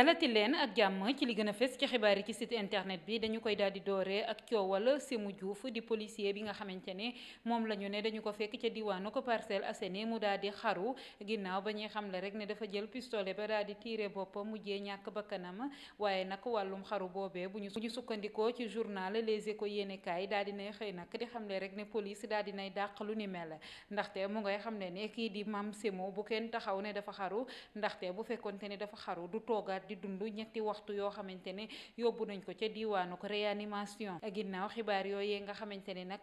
dalati leen ak jàmm ci li gën a fes ci xibaar yi ci site internet bi dañu koy daal di dooree ak coowal Sémou Diouf di policier bi nga xamante ne moom la ñu ne dañu ko fekk ca diwaanu ko parcel ase Assainies mu daal di xaru ginnaaw ba ñuy xam la rek ne dafa jël pistolet ba daal di tiire boppam mujjee ñàkk bakkanam waaye nag wàllum xaru boobee bu ñu sukkandikoo ci journal Les Échos yéenekaay daal di nay xëy nag di xamle rek ne police daal di nay dàq lu ni mel ndaxte mu ngay xam ne ne kii di Mame Sémou bu kenn taxaw ne dafa xaru ndaxte bu fekkonte ne dafa xaru du toogaat di dund ñetti waxtu yoo xamante ne yóbbu nañ ko ca diwaanu ko réanimation ginnaaw xibaar yooyee nga xamante ne nag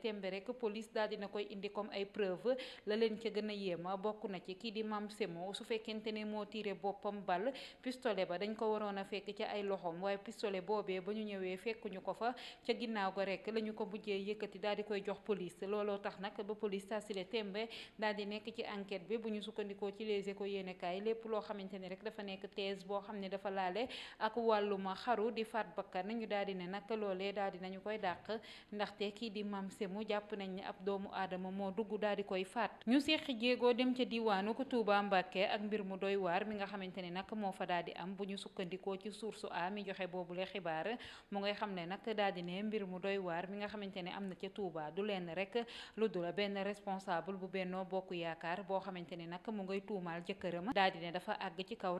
tembe rek police daal dina koy indi comme ay preuve la leen ca gën a yéema bokk na ci kii di Mam Semo su fekkente ne moo tiré boppam bal pistolet ba dañ ko waroon a fekk ci ay loxoom waaye pistolet boobee ba ñu ñëwee fekkuñu ko fa ca ginnaaw ga rek la ñu ko mujjee yëkkati daal di koy jox police looloo tax nag ba police saa di nekk ci enquête bi bu ñu sukkandikoo ci les échos yéenekaay lépp loo xam ne dafa laale ak wàllum xaru di faat bakkan ñu daal di ne nag loolee daal di nañu koy dàq ndaxte kii di Mame Sémou jàpp nañ ni ab doomu aadama moo dugg daal di koy faat ñu seqi jéegoo dem ca diwaanu ko Touba Mbacké ak mbir mu doy waar mi nga xamante ne nag moo fa daal di am bu ñu sukkandikoo ci source a mi joxe boobu la xibaar mu ngay xam ne nag daal di ne mbir mu doy waar mi nga xamante ne am na ca Touba du lenn rek lu dul benn responsable bu bennoo bokk yaakaar boo xamante ne nag mu ngay tuumaal jëkkëram daal di ne kaw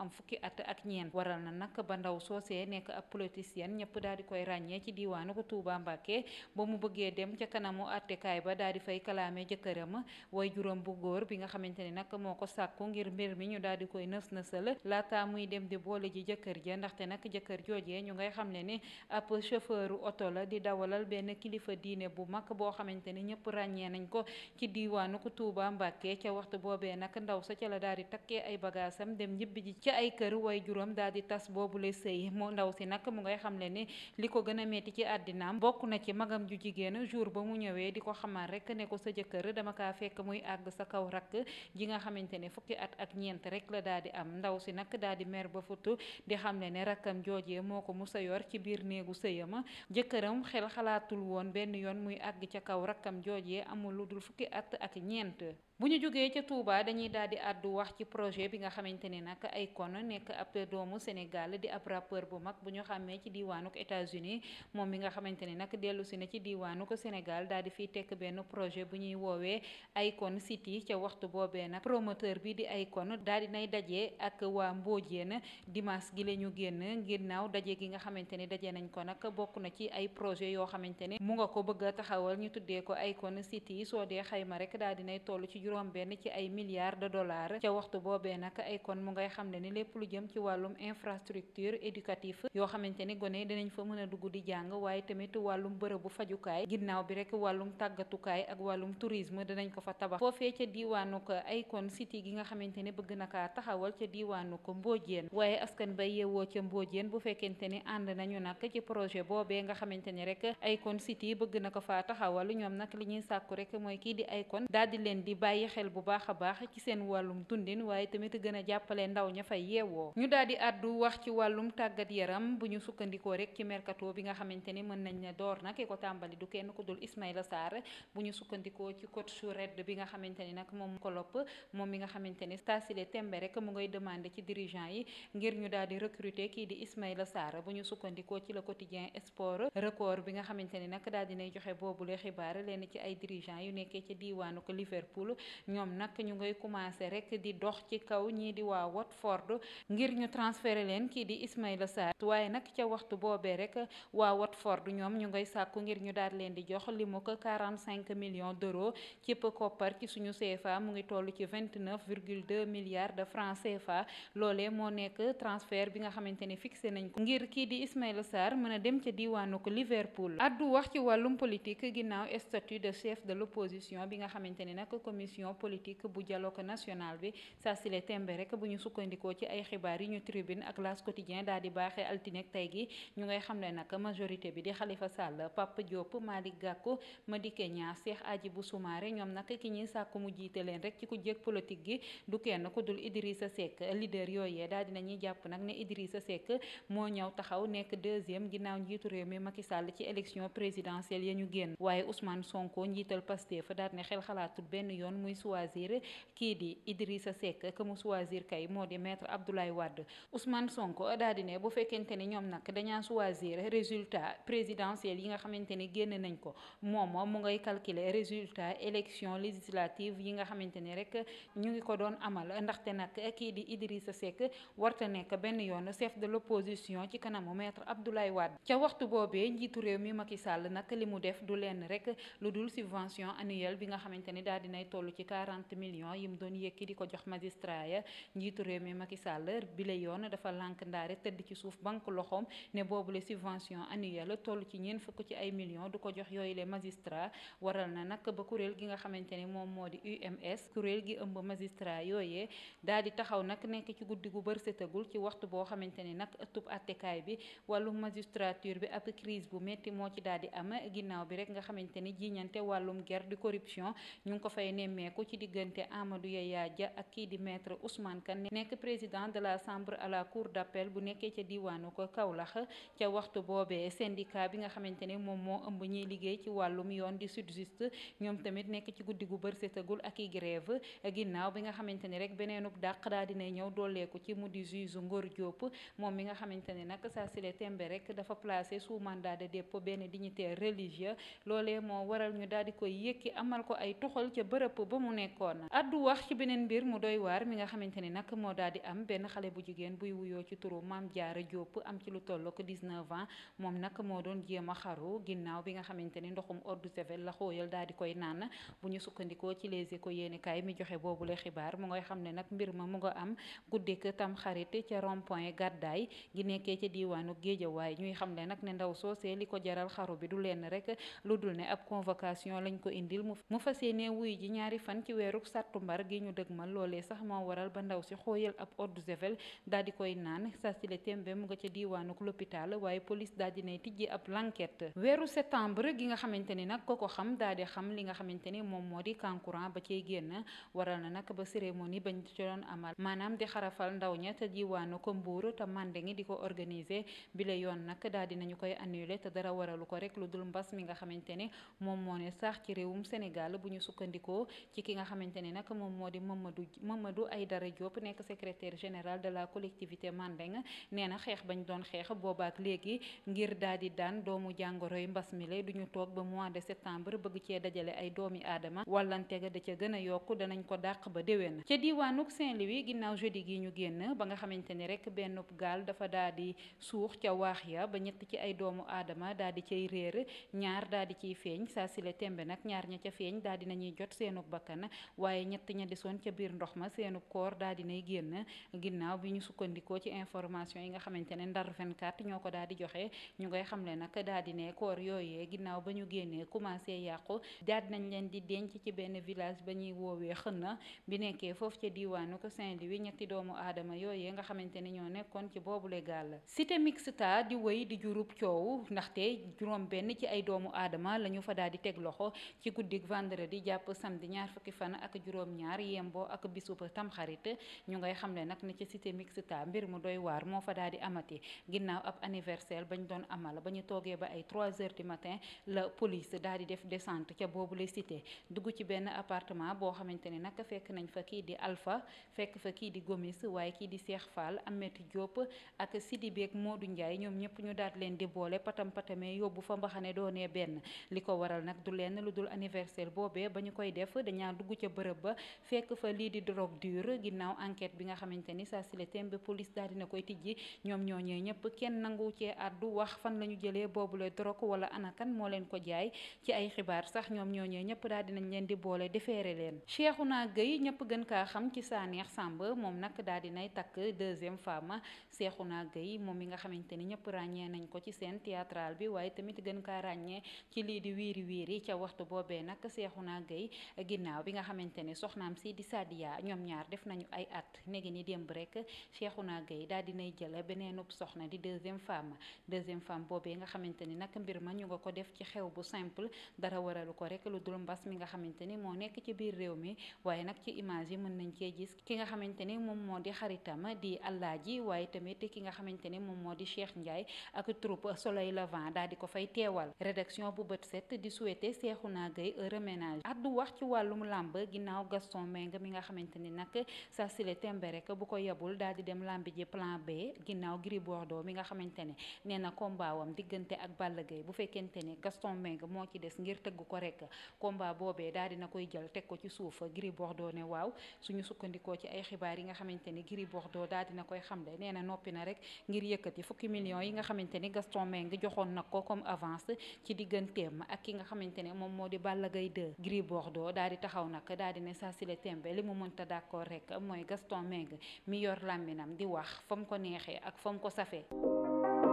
am fukki at ak ñeent waral na nag ba ndaw soosee nekk ab politicien ñëpp daal di koy ràññee ci diiwaanu ko Touba Mbacke ba mu bëggee dem ca kanamu attekaay ba daal di fay kalaame jëkkëram way juróom bu góor bi nga xamante ni nag moo ko sàkku ngir mbir mi ñu daal di koy nës nësal laata muy dem di boole ji jëkkër ja ndaxte nag jëkkër joojee ñu ngay xam ne ni ab chauffeur oto la di dawalal benn kilifa diine bu mag boo xamante ni ñëpp ràññee nañ ko ci diiwaanu ko Touba Mbacke ca waxtu ci ay kër woy juróom daal di tas boobule sëy moo ndaw si nag mu ngay xamle ni li ko gën a metti ci àddinaam bokk na ci magam ju jigéen jour ba mu ñëwee di ko xamal rek ne ko sa jëkkër dama kaa fekk muy àgg sa kaw rakk ji nga xamante ne fukki at ak ñeent rek la daal di am ndaw si nag daal di mer ba futu di xamle ne rakkam joojee moo ko musa yor ci biir néegu sëyam jëkkëram xel xalaatul woon benn yoon muy àgg ca kaw rakkam joojee amul lu dul fukki at ak ñeent bu ñu jógee ca Touba dañuy daal di àddu wax ci projet bi nga xamante ne nag Akon nekk ab doomu Sénégal di ab rappeur bu mag bu ñu xàmmee ci diwaanuk États-Unis moom mi nga xamante ne nag dellu si na ci ko Sénégal daal di tekk benn projet bu ñuy woowee ay Akon City ca waxtu boobee nag promoteur bi di Akon daal di nay dajee ak waa Mbodiène dimanche gi la ñu génn naaw daje gi nga xamante ne daje nañ ko nag bokk na ci ay projet yoo xamante ne mu nga ko bëgg a taxawal ñu tuddee ko Akon City soo dee xayma rek daal toll ci juróom benn ci ay milliards de dollars ca waxtu boobee nag Akon mu ngay xam ne ni lépp lu jëm ci wàllum infrastructure éducative yoo xamante ni gone dinañ fa mën a dugg di jàng waaye tamit wàllum bërëbu fajukaay ginnaaw bi rek wàllum tàggatukaay ak wàllum tourisme dinañ ko fa tabax foofee ca diiwaanu ko Akon city gi nga xamante ne bëgg na kaa taxawal ca diiwaanu ko Mbodiène waaye askan ba yeewoo ca Mbodiène bu fekkente ni ànd nañu nag ci projet boobee nga xamante ni rek Akon city bëgg na ko faa taxawal ñoom bàyyi xel bu baax a baax ci seen wàllum dundin waaye tamit gën a jàppale ndaw ña fay yeewoo ñu daal di àddu wax ci wàllum tàggat yaram bu ñu sukkandikoo rek ci mercato bi nga xamante ni mën nañ ne door na ki ko tàmbali du kenn ku dul Ismaïla Sarr bu ñu sukkandikoo ci coach red bi nga xamante ni nag moom Klopp moom mi nga xamante ni Stassile Tembe rek mu ngay demande ci dirigeant yi ngir ñu daal di recruter kii di Ismaïla Sarr bu ñu sukkandikoo ci la quotidien sport record bi nga xamante ni nag daal dinay joxe boobule xibaar leen ci ay dirigeant yu nekkee ci ñoom nag ñu ngay commencé rek di dox ci kaw ñii di waa Watford ngir ñu transféré leen kii di Ismaïla Sarr waaye nag ca waxtu boobee rek waa Watford ñoom ñu ngay sàkku ngir ñu daal leen di jox li mu ko 45 millions d'euros cëpp koppar ci suñu CFA mu ngi toll ci 29 virgule 2 milliards de francs CFA loole moo nekk transfert bi nga xamante ni fixé nañ ko ngir kii di Ismaïla Sarr mën a dem ca diiwaanu ko Liverpool addu wax ci wàllum politique ginnaaw statut de chef de l'opposition bi nga commission politique bu dialogue national bi saa sile tembe bu ñu sukkandikoo ci ay xibaar yi ñu tribune ak las quotidien daal di baaxee altinek tey gi ñu ngay xam ne nag majorité bi di Khalifa Sall Pape Diop Malick ma Madické Niang Cheikh Adjibou Soumaré ñoom nag ki ñuy sàkku mu jiite leen rek ci ku jéeg politique gi du kenn ku dul Idrissa Seck leader yooyee daal di nañuy jàpp nag ne Idrissa Seck moo ñëw taxaw nekk deuxième ginnaaw njiitu réew mi Macky Sall ci élection présidentielle ya ñu génn waaye yoon muy choisir kii di Idrissa Seck que mu choisir kay moo di maître Abdoulaye Wade Ousmane Sonko daal di bu fekkente ni ñoom nag dañaa choisir résultat présidentiel yi nga xamante ni génn nañ ko moom mu ngay calculer résultat élection législative yi nga xamante ni rek ñu ngi ko doon amal ndaxte nag kii di Idrissa Seck warta nekk benn yoon chef de l'opposition ci kanamu maître Abdoulaye Wade ca waxtu boobee njiitu réew mi Macky Sall nag li mu def toll ci 40 millions yi mu doon yëkki di ko jox magistrat ya njiitu réew mi Macky Sall bi la yoon dafa lànk ndaare tëdd ci suuf banque loxoom ne boobu la subvention annuelle toll ci ñeent fukk ci ay millions du ko jox yooyu le magistrat waral na nag ba kuréel gi nga xamante ni moom moo di UMS kuréel gi ëmb magistrat yooyee daal di taxaw nag nekk ci guddi gu bër setagul ci waxtu boo xamante ni nag ëttub attekaay bi wàllum magistrature bi ab crise bu metti moo ci dal di am ginnaaw bi rek nga xamante ni jiiñante wàllum guerre de corruption ñu ngi ko fay nemmee nemmeeku ci diggante Amadou Yaya Dia ak kii di maître Ousmane Kane nekk président de la chambre à la cour d'appel bu nekkee ca diwaanu ko Kaolack ca waxtu boobee syndicat bi nga xamante ne moom moo ëmb ñiy liggéey ci wàllum yoon di Sudjuste ñoom tamit nekk ci guddi gu bër setagul ak i grève ginnaaw bi nga xamante ne rek beneenub dàq daa dinay ñëw dooleeku ci mu di juge Ngor Diop moom mi nga xamante ne nag saa sile tembe rek dafa placé su mandat da dépôt benn di koy yëkki amal ba mu nekkoon addu wax ci beneen mbir mu doy waar mi nga xamante ni nag moo daal di am benn xale bu jigéen buy wuyoo ci turu Maam Jaara Diop am ci lu toll ko 19 ans moom nag moo doon jéema a xaru ginnaaw bi nga xamante ni ndoxum eau de javel daal di koy naan bu ñu sukkandikoo ci Les Échos yéenekaay mi joxe boobule xibaar mu ngay xam ne nag mbir ma mu nga am guddik tam xarit ca rond gàddaay gi nekkee ca diiwaanu Géejawaay ñuy xam ne nag ne ndaw soosee li ko jaral xaru bi du lenn rek lu dul ne ab convocation lañ ko indil mu fas yéene wuy ji ñaari fan ci weeruk sàttumbar gi ñu dëgmal loolee sax moo waral ba ndaw si xooyal ab eau de javel daal di koy naan saa si le tembe mu nga ca diiwaanuk l'hôpital waaye police daal dinay tijji ab l'enquête weeru septembre gi nga xamante ni nag ko ko xam daal di xam li nga xamante ni moom moo di kankurang ba cay génn waral na nag ba cérémonie bañ ci doon amal maanaam di xarafal ndaw ña te diiwaanu ko mbuur te mande ngi di ko organiser bi la yoon nag daal di nañu koy annulé te dara waralu ko rek lu dul mbas mi nga xamante ne moo ne sax ci réewum Sénégal bu ñu ci ki nga xamante ne nag moom moo di du Mamadou ay dara Diop nekk secretaire général de la collectivité Mandeng nee na xeex bañ doon xeex boobaak léegi ngir daal di daan doomu jàngoro jàngoroy mbas mi du ñu toog ba mois de septembre bëgg cee dajale ay doomi aadama wallante ga da ca gën a yokk danañ ko dàq ba déwén ca diwaanuk Saint-Louis ginnaaw jeudi gi ñu génn ba nga xamante ni rek benn gaal dafa daal di suux ca waax ya ba ñett ci ay doomu aadama daal di cay réer ñaar daal di ciy feeñ saa sile tembe nag ñaar ña ca feeñ daal di jot seenug ba bakkan waaye ñett ña desoon ca biir ndox ma seenu koor daal dinay génn ginnaaw bi ñu sukkandikoo ci information yi nga xamante ne Ndar 24 ñoo ko daal di joxe ñu ngay xamle nag daal di ne koor yooyee ginnaaw ba ñu génnee commencé yàqu daal nañ leen di denc ci benn village ba ñuy woowee xënna bi nekkee foofu ca diiwaanu ko Saint-Louis ñetti doomu aadama yooyee nga xamante ne ñoo nekkoon ci boobu boobule gàll cité mixta di wéy di jurub coow ndaxte juróom benn ci ay doomu aadama la ñu fa daal ñaar fukki fan ak juróom-ñaar yembo ak bisub tamxarit ñu ngay xam ne nag ne ci cité mixta mbir mu doy waar moo fa daal di amati ginnaaw ab anniversaire bañ doon amal ba ñu toogee ba ay 3 heures du matin la police daal di def descente ca boobu la cité dugg ci benn appartement boo xamante ne nag fekk nañ fa kii di Alpha fekk fa kii di Gomis waaye kii di Cheikh Fall Ameth Diop ak Sidi moo Modou Ndiaye ñoom ñëpp ñu daal leen di boole patam patamee yóbbu fa mbaxane doonee benn li ko waral nag ñaar dugg ca bërëb ba fekk fa lii di drogue dure ginnaaw enquête bi nga xamante ni sa si la tembe police daal dina koy tijji ñoom ñooñee ñëpp kenn nangu cee àddu wax fan la ñu jëlee boobu la drogue wala anakan moo leen ko jaay ci ay xibaar sax ñoom ñooñee ñëpp daal dinañ leen di boole defeere leen Cheikhouna Gueye ñëpp gën kaa xam ci Sanex Samb moom nag daal nay takk deuxième seexu Cheikhouna Gueye moom yi nga xamante ni ñëpp ràññee nañ ko ci seen théâtral bi ginnaaw bi nga xamante ne soxnaam si di Sadiya ñoom ñaar def nañu ay at negi ni démb rek Cheikhouna Gaye daal dinay jël beneenub soxna di deuxième femme deuxième femme boobee nga xamante ni nag mbir ma ñu nga ko def ci xew bu simple dara waralu ko rek lu dul mbas mi nga xamante ni moo nekk ci biir réew mi waaye nag ci image yi mën nañ cee gis ki nga xamante ni moom moo di xaritam di ji waaye tamit ki nga xamante ni moom moo di Cheikh Ndiaye ak troupe Soleil Levant daal di ko fay teewal rédaction bu bët set di souhaiter Cheikhouna Gaye wàllum làmb ginnaaw Gaston Mbengue mi nga xamante ni nag saa sile tembe rek bu ko yebul daal di dem làmb ji plan B ginnaaw Gris Bordeaux mi nga xamante ne nee na combat wam diggante ak Balla bu fekkente ne Gaston Mbengue moo ci des ngir tëgg ko rek combat boobee daal dina koy jël teg ko ci suuf Gris Bordeaux ne waaw suñu sukkandikoo ci ay xibaar yi nga xamante ni Gris Bordeaux daal dina koy xamle nee na noppi na rek ngir yëkkati fukki million yi nga xamante ni Gaston Mbengue joxoon na ko comme avance ci digganteem ak ki nga xamante ne moom moo di Balla Gaye 2 Gris Bordeaux daal di taxaw nag daal di ne saa si tembe li mu mënta d'accord rek mooy Gaston Mbengue mi yor làmbinam di wax fa ko neexee ak fa ko safee